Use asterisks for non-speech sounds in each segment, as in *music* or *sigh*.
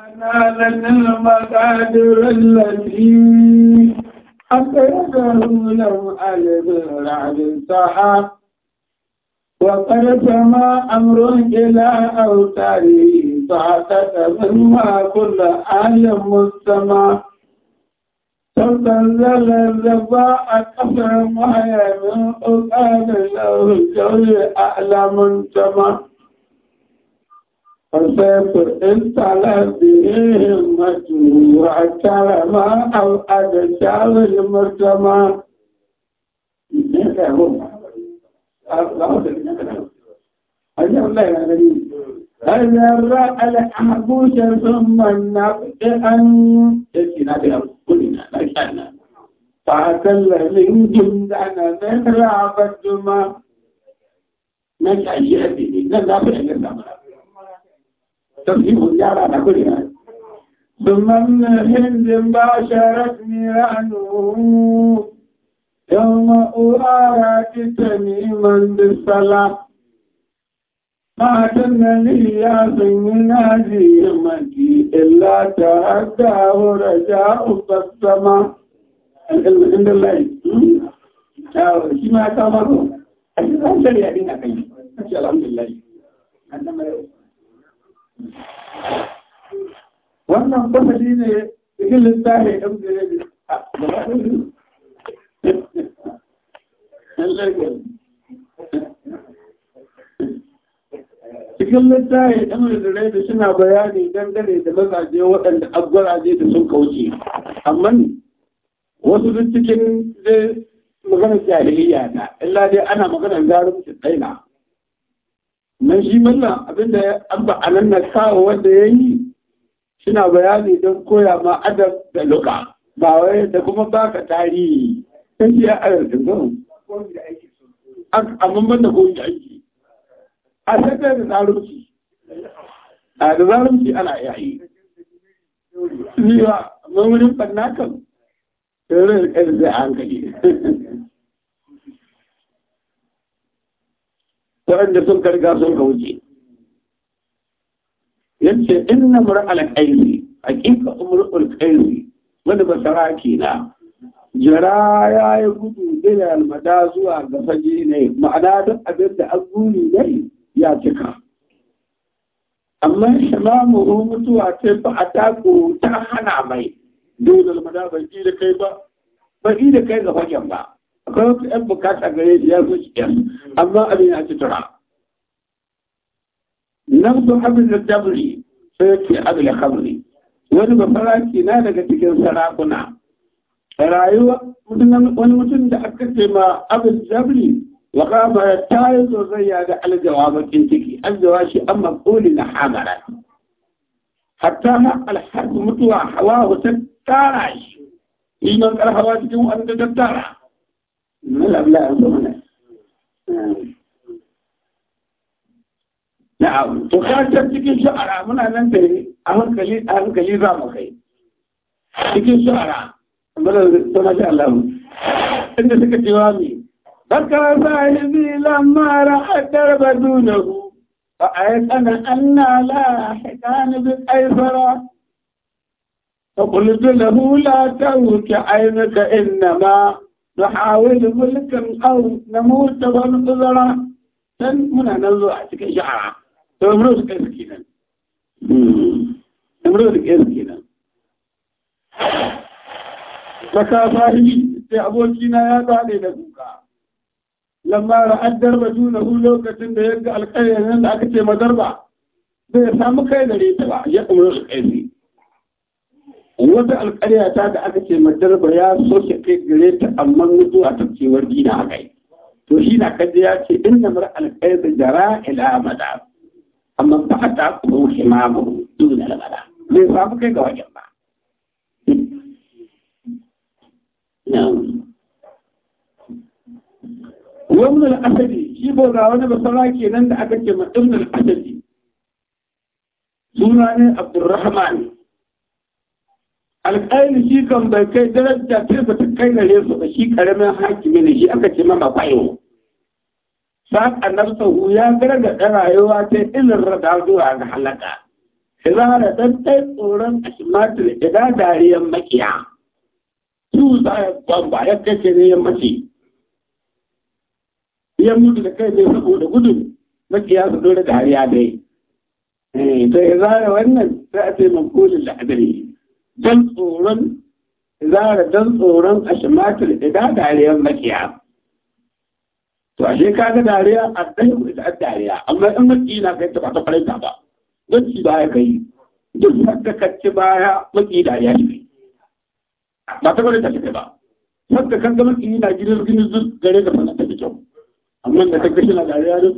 أنا أنالت المقادر التي أخرجهم لهم البرعد الصحاب وقد سما أمر إلى أوتاره فعتت مما كل آل مستمع تنزل الرباء كفر وهي من أقال له الجول أعلى منتمع فسافر انت على بهم وعكرما او ادشار المرتمى أجر الحبوش ثم النبئن تسينا بها كلنا لا شأنا فأتل من جندنا من رعب الدماء من أجيبه لن نبئ لن نبئ تصيب الجارة نقولها ثم من هند باشرتني رأنه يوم أراك تميما بالصلاة ما تنني يا سيدنا زيمتي إلا تهداه رجاء بالسماء العلم عند الله شما كامرون أشهد أن شريعتنا كيف عند لله عندما يوم wannan fasali ne cikin littafi ɗan gare ne cikin littafi ɗan suna bayani dangane da mazaje waɗanda agwaraje da sun kauce amma wasu duk cikin zai magana jahiliya na illa dai ana maganar zarumcin tsaina nan shi wannan abinda abba nan na kawo wanda ya yi suna bayani don koya ma adam da luka ba wai da kuma baka tarihi sai shi ya arzikin zan amma ban da koyi aiki a sai da zarunci a da zarunci ana yi ni ba mamurin bannakan sai da kai da hankali *laughs* wanda sun karga sun ka wuce yace inna mur'al qaisi haqiqa umrul qaisi wanda basara na jira ya yi gudu bila almada zuwa ga faji ne ma'ana duk abin da guni ne ya cika amma shamamu mutuwa ce ba a tako ta hana mai dole almada bai yi da kai ba bai yi da kai ga fagen ba كنت أم بكاتا غير يا مسلم أما أبي أتترى نبض حبل الدبري فيكي أبل خبري ونبى فراكي نالك تكن سراقنا رايوة ونمتن دعكت لما أبل الدبري وقام التائز وزيادة على جوابك انتكي الزواشي أما قولي نحامرا حتى ما الحرب مطلع حواه تتارعش إيمان الحواتي كمو أنت تتارعش لا لا na'am to ka ta cikin sha'ara muna nan da a hankali a hankali za mu kai cikin sha'ara bada to masha Allah inda suka ce wa mi bakara sahibi lamma ra'a darba dunahu fa aytana anna la hikan bi qaisara فقلت له لا تهك عينك إنما نحاول لك أو نموت ونقدر تن من نزوع عتك شعرا تمرز كسكينا تمرز كسكينا فكافاهي تعبوكينا يا بالي نزوكا لما رأت دربتونه لوكة يبقى القرية لأنك تيما دربة بيسامك يدري تبع يأمرز كسكينا wata alƙarya ta da aka ce madarba ya soke kai gare ta amma mutuwa ta cewar dina haka kai, to shi na kaji ya ce in mar alƙayar da jara ila mada amma ba ta kuma duna da mada bai samu kai ga wajen ba ومن الأسدي شي بولا وانا بصلاكي نند أكتما ابن الأسدي سورة عبد الرحمن alƙalin shi kan bai kai daraja ta ba ta kai gare su ba shi ƙaramin hakimi ne shi aka ce mama kwayo sa'an nan sahu ya gargaɗa rayuwa ta ilin rada zuwa ga halaka idan da tsoron ɗai tsoron ashimatul ina dariyan makiya su za ya kwamba ya kace ne ya mace ya mutu da kai ne saboda gudun makiya su dole dariya dai eh, to ya zara wannan sai a ce mankolin da adari don tsoron zara don tsoron a shimatul ida dariyar makiya to a shi kaga dariya a ɗaya da a dariya amma in maki na kai ta kwata kwarai ba don ci baya kai duk sakka kacce baya maki dariya ne ba ta kwarai ta fi ba sakka kan ga maki na gidan gini zuwa gare da fana ta fi kyau amma da ta gashi na dariya ne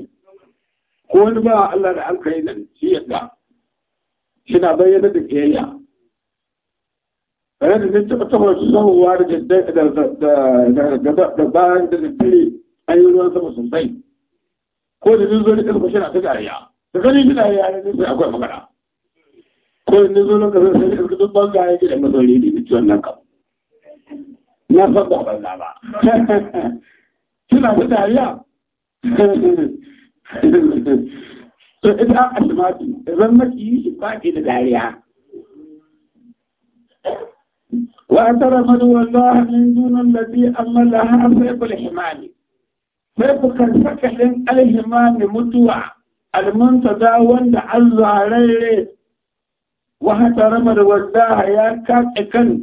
ko wani ba Allah da an kai nan shi yadda shi na bayyana da kiyayya bayan da zai taɓa taɓa zahowa da bayan da daddare an yi ruwan sama sosai ko da zai zo da ƙarfa na ta dariya da gani shi dariya ne sai akwai magana ko da zai zo na sai da duk banga ya gida masauri ne da ciwon nan kam na san ba banza ba *laughs* suna ta dariya *laughs* to ita a zan maki yi shi faɗi da dariya وأثر من والله من دون الذي أما لها فيق الحمام فيق كالفكح الحمال متوع المنتدى وند عزى ريري وهتر من والله يا كاتكن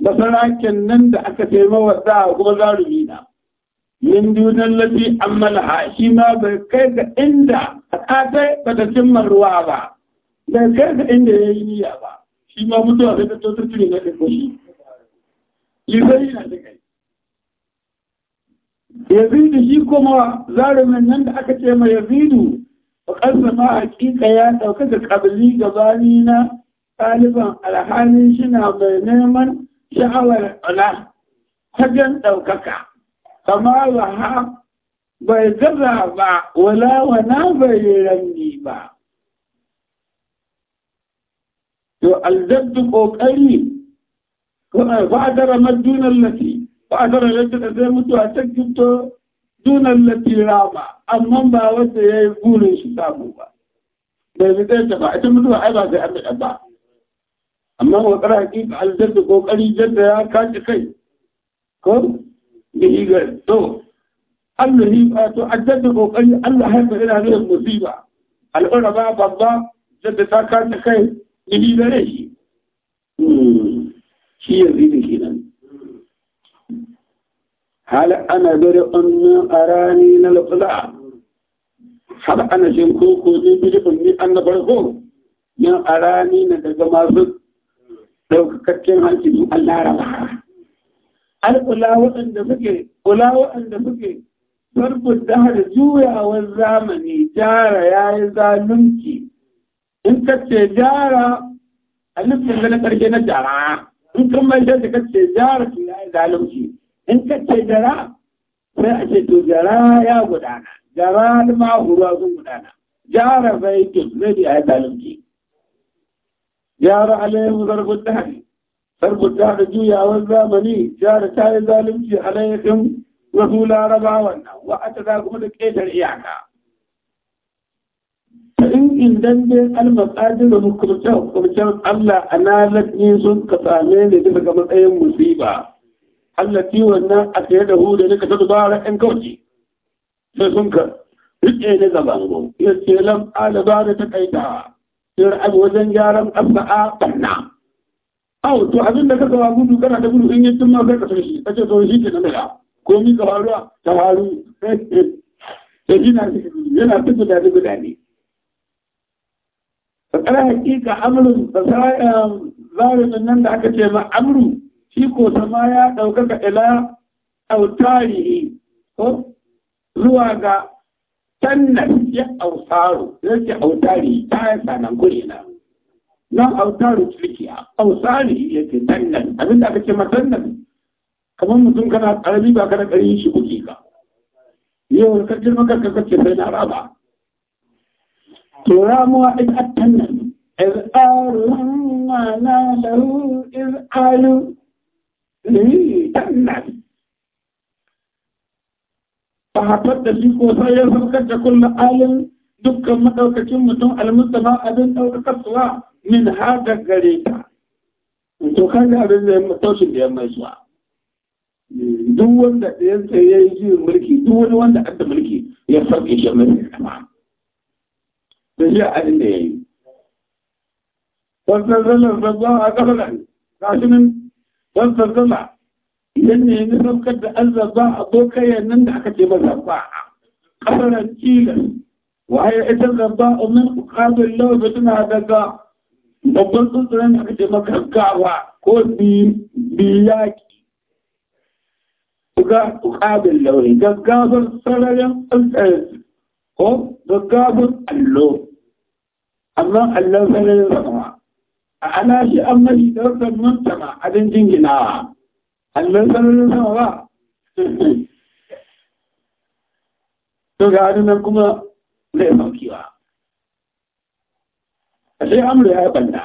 لكن نند أكتيم والله غزار بينا من دون الذي أما لها شما بكيك إندا اتاتي بتتم الروابع بكيك إندا يجيني أبا شما متوع فتتوتر تريد أكتوشي yazidu shi kuma zarumin nan da aka ce ma yazidu wa ma hakika ya dauka ga kabili gabani na ɗaliban alhalin shina mai neman sha'awar ala hagen ɗaukaka kama ha bai gaza ba wala wana bai rangi ba to aljabdu ƙoƙari fa'adara madunan lati fa'adara yadda da zai mutu a can gifto dunan lati rama amma ba wanda ya yi burin shi samu ba da ya zai ta ba a can mutuwa ai ba sai an daɗa ba amma wakar hakika aljar da kokari jadda ya kaji kai ko da higar to Allah yi ba to aljar da kokari Allah haifa ina zai musiba al'ura ba babba jadda ta kaji kai da higar shi shi ke nan. Hali ana bari a arani na lafza hal ana jin koko ne bi ummi annabar farko, yan arani na daga masu daukakakken hankali Allah Al al'ula waɗanda suke ula waɗanda suke sarfin dahar juyawar zamani jara ya yi zalunci in ka ce jara a nufin na ƙarshe na jara in kan manjar da ce jara su ya yi zalunci in ce jara sai a ce to jara ya gudana jara da ma huruwa sun gudana jara bai ke zai ya yi zalunci jara alayhi zarbun dahari zarbun dahari juyawar zamani jara ta yi zalunci alayhi wasu larabawan nan wa'ata za kuma da ƙetar iyaka in idan dai almasajin da hukurcen hukurcen Allah a nalatni sun ka same ne daga ga matsayin musiba Allah ci wannan a tsaye da hudu ne ka ta dubara ɗan kauci sai sun ka rike ne ga bango ya ce lam alaba da ta kaita sai ra'ayi wajen gyaran a ɓanna au to abin da ka gawa gudu kana da gudu in yi tun ma kai ka shi ka ce to shi ke nan na Ko komi ka faruwa *laughs* ta faru sai shi na yana tafi da guda ne ala hakika amrun da zarumin eh, nan da aka ce ma amru shi ko sama ya ɗaukaka ila autarihi ko zuwa ga tannan ya autaru ya ce autari ta yi sanan guri na nan autaru ciki autari ya ce tannan da aka ce ma tannan kamar mutum kana ƙarami ba kana ƙari shi kuki ka yau ka girma ka kakace sai na raba to ramuwa in إذ ما ناله إذ قالوا لي تنعي فحفظت لي وصايا فكرت كل عالم دكا مدوكتين متون المستمع أبن أو كسوا من هذا الجريدة to kaga abin da ya taushin da ya mai zuwa duk wanda ɗayan tsaye ya yi juyin mulki duk wani wanda an da mulki ya sauke shi mai zama da shi abin da ya yi فالزلزلة الزلزلة قبلا عشان فالزلزلة يني نسب كد الزلزلة دوكا ينن حكا تيبا الزلزلة قبلا كيلا وهي إتا الزلزلة من قابل الله بتنا دقا babban tsuntsunan da aka ce magaggawa ko biyaki ga ƙabin launi gaggabar sararin tsuntsayen ko gaggabar allo amma allon sararin sama a ana shi an mafi darsan a abin jinginawa allon sararin sama ba to ga adunan kuma zai saukiwa a sai amur ya yi banda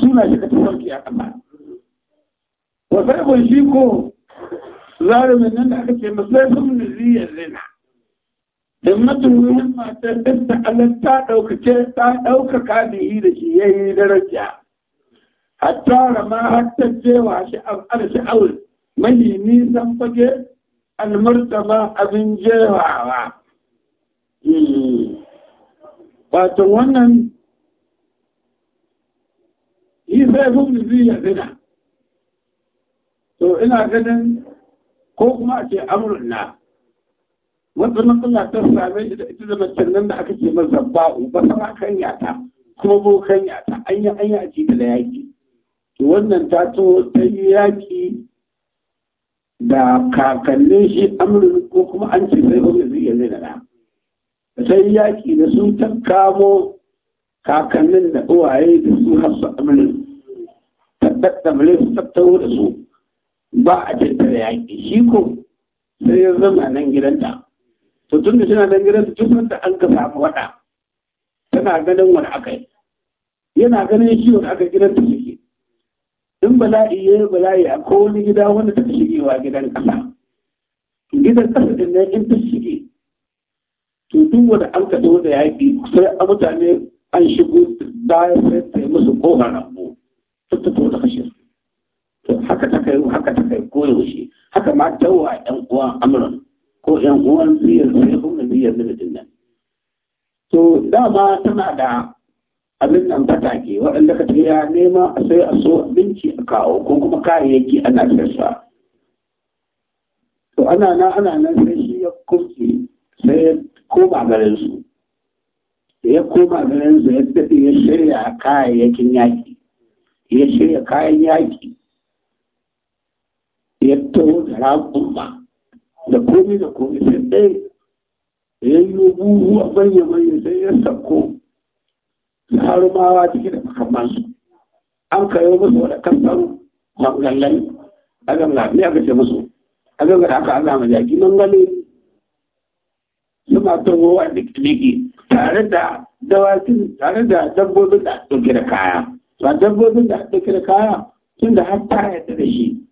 suna shi ka ta sauki a kama wasai kun shi ko zarumin nan da aka ce masu sun ziyar zina da matsalolin matar ɗin ta Allah ta ɗaukace ta ɗaukaka da yi da shi ya yi daraja hatta rama hatta cewa shi al'arsha'ul mai nisan fage almartaba abin jewawa hmm. wato wannan yi sai hukumin ya zina to ina ganin ko kuma a ce amurin na wanda suna ta same shi da ita da mace nan da aka ce masa ba'u ba sama kan yata kuma bo kan yata an yi an yi a ciki da yaƙi to wannan ta to ta yi yaƙi da kakannin shi amrin ko kuma an ce sai ba zai iya zai da ta yi yaƙi da su ta kamo kakannin da uwaye da su hasu amrin ta ta ɗaɗɗamare su tattauna da su ba a da yaƙi shi ko sai ya zama nan gidanta to tun da suna nan gidan duk wanda an ka samu wata tana ganin wani aka yi yana ganin shi wani aka gidan ta shige in bala'i ya yi bala'i a kowane gida wanda ta shige wa gidan kasa gidan kasa din nan in ta shige to duk wanda an ka zo da yaƙi sai a mutane an shigo ya sai ta yi musu ƙofar rambo ta fito ta kashe su haka ta kai haka ta kai koyaushe haka ma tawa ƴan uwan amuran ko ‘yan uwan niyyar zuwa ko na niyyar nan. To dama tana da abin nan ke waɗanda ka tafiya nema a sai a so abinci a kawo ko kuma kayayyaki ana sassa. To ana na ana nan sai shi ya kurki sai ya koma garin su. Ya koma garin su ya tafi ya shirya kayayyakin yaƙi. Ya shirya kayan yaƙi. Ya taho da raƙumma. da komai da komai sai ɗaya ya yi buhu a bayyana bayyana sai ya sako harumawa ciki da makamansu an kayo musu da kasar mangallan aganga ne aka ce musu aganga da aka agama jaki gani. suna tobowa da kiliki tare da dawakin tare da dabbobin da ɗauke da kaya ba dabbobin da ɗauke da kaya tun da har ta yadda da shi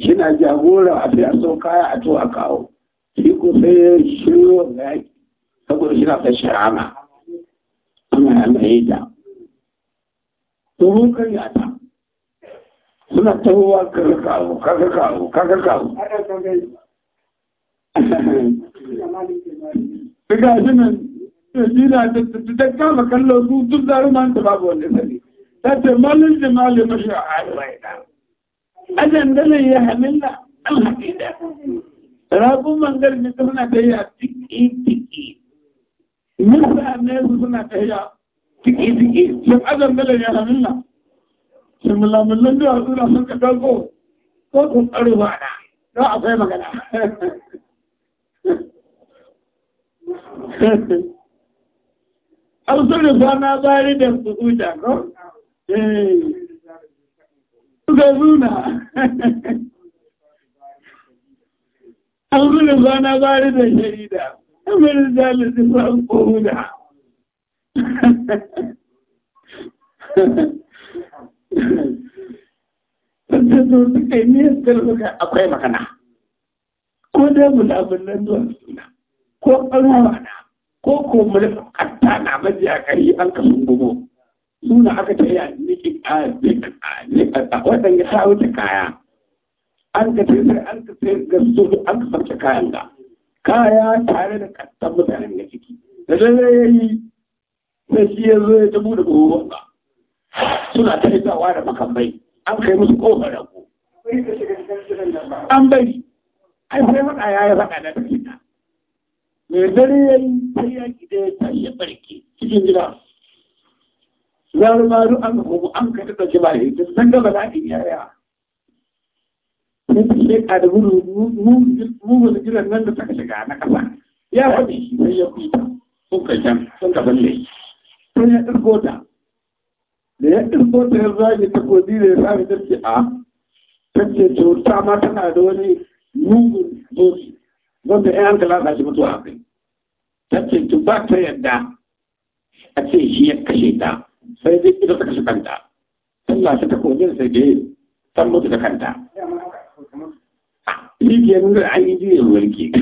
shina jagora a biyar sau kaya a tuwa a kawo shi ko sai ya shiryo na yaki saboda shi na ta shirama amma ya yi da tuhun kan yata suna tawowa kaga kawo kaga kawo kaga kawo Daga shi nan, yana da kama kallo su babu wanda sani. Ta ce malin jimali mashi a أذن دل يا حملا الله كده رابو منجر مثلنا تيا تكي تكي مثل أمير مثلنا تيا تكي تكي سب أذن دل يا حملا سب الله من لندو *laughs* أرسل الله كتابو كوكو أروا أنا لا أفهم مكلا أرسل الله ما باري دم تقول جاكو an da تؤخذون أقول أنا باردا da da ذلك فأقولا Tattazo ka yi niyyar talbuka akwai makana. ko da bulabun nan zuwa suna, ko ƙarfafa na, ko ko mulkin ƙarta na majiya kari an kasu gugu. suna aka ta yi a nikin a waɗanda ta wuce kaya an ka sai an ka sai ga su an ka sabta kayan da kaya tare da kattan mutanen da ciki da dare ya yi na shi ya zo ya tabu da buhuwan ba suna ta yi zawa da makamai an kai musu kofar ku an bari ai sai faɗa ya yi faɗa da tafiya mai dare ya yi sai ya gida da ya ta yi cikin gida wani ma an kuma an ka ba za ne ta da gudu jiran nan da ta shiga na ya faɗi shi ya sun ka can sun ka balle ya ta da ya ta ya zage ta da ya ta ce a ah. ta ce ta ma tana da wani mugun wanda ya hankala a kai ta ce ba ta yadda a ce shi ya kashe ta sai dai ita ta kashe kanta Allah shi ta kogin sai dai san mutu da kanta Likiyar ah, nuna an yi jiya warke.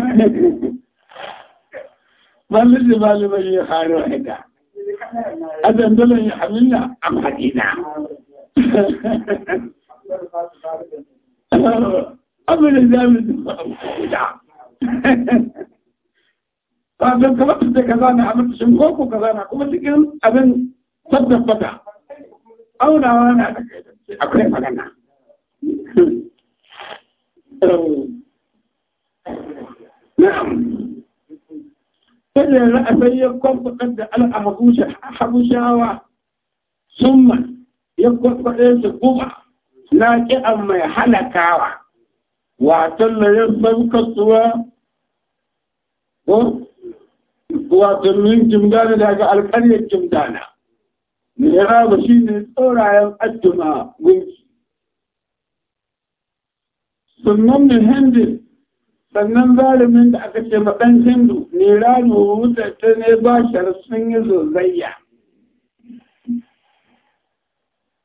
Malin da malamai ya haro haida. A dandalin ya hamila a madina. Abin da zamu zuwa a Ba don kamar da kaza na abin da shi ko kaza na kuma cikin abin tabbas baka aunawa na da akwai magana na'am sai da ra'asai ya kwamfutar da al'ahabushawa summa ya kwamfutar su kuma na ki'an mai halakawa watan na ya kasuwa, ko watan min jimdana daga alƙaryar jimdana Mihrab shi ne tsorayen adduna gunki. Sannan mai Hindu, sannan zalimin da aka ce maɗan Hindu, ne rami wuta ta ne ba sun yi zozayya.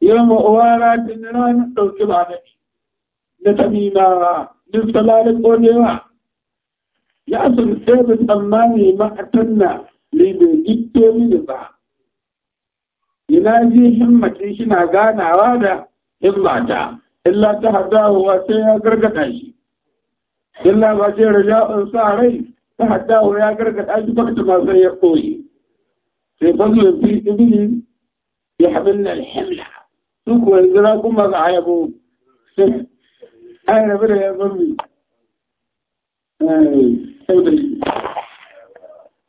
Yau ma'uwara ta ne ranar ɗauki ba da tamimawa, duk salalin ƙonewa. Ya sun tsere tsammani ma'atanna, libe gitto ba. ina ji himmatin shi na ganawa da himmata illa ta haddawa sai ya gargada shi illa ba ce raja'un sa rai ta haddawa ya gargada shi ba ta sai ya koyi sai fazlun fi ibni ya habinna alhimla su kuwa zira kuma ga ayabo sai rabu da ya zurbi ai sai da